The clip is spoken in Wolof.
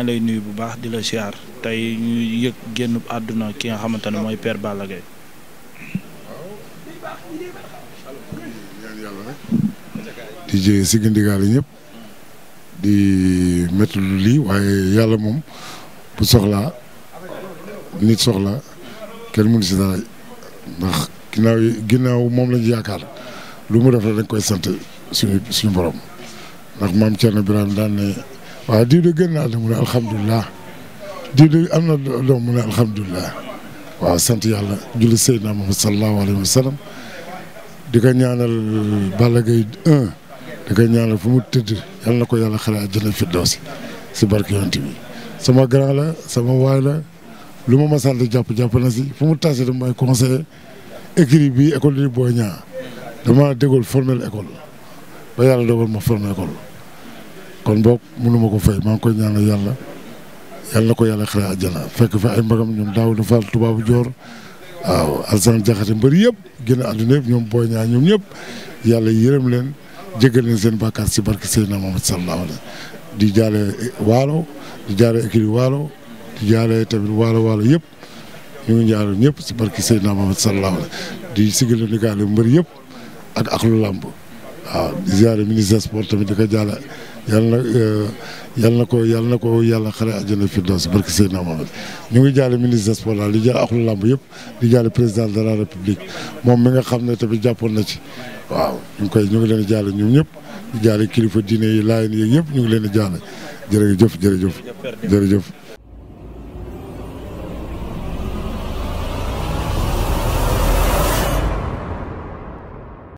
ma lay nuyu bu baax di la siyaar tey ñu àdduna ki nga xamante ne mooy Père Balla Gaye di jëye yi ñëpp di métti lu lii waaye yàlla moom bu soxlaa nit soxla kenn mënu si dara ndax ginnaaw moom lañu yaakaar lu mu def la dañ koy sant suñu suñu borom ndax maam Thierno Birame daan ne waaw diw de gën naa de mu ne alhamdulilah am na doom mu ne waaw sant yàlla julli Seydina Muhammad sallallahu alayhi wa sallam di ko ñaanal Balla di ko ñaanal fu mu tëdd yàlla na ko yàlla xale àjjana firdawsi si barke sama grand la sama waay la lu ma masal jàpp jàpp si fu mu tase dama may conseiller bi école yi boo ñaa dama déggool formel école ba yàlla dogal ma formel école kon boog mënuma ko fay maa ngi koy ñaanal yàlla yàlla na ko yàlla xare àjjana fekk fa ay mbagam ñoom daaw na faal tubaabu joor waaw alsan jaxate mbër yëpp génn àdduna yëpp ñoom booy ñoom ñëpp yàlla yërëm leen jéggal leen seen bàkkaar si barke Seydina Muhammad sallallahu alayhi di jaale waalo di jaale écurie waalo di jaale tamit waalo waalo yëpp ñu ngi jaale ñëpp si barke Seydina Muhammad sallallahu alayhi di sigal di gaale mbër yëpp ak ak lu làmb waaw di jaale ministre yàlla na eh, yàlla na ko yàlla na ko yàlla xare àjjana firdaws barke Seydina Mohamed ñu ngi jaale ministre des sports daal di jaale axlu làmb yëpp di jaale président de la république moom mi nga xam ne tamit jàppoon na ci waaw ñu ngi koy ñu ngi leen di jaale ñoom ñëpp di jaale kilifa diine yi laayeen yi yëpp ñu ngi leen di jaale jërëjëf jërëjëf jërëjëf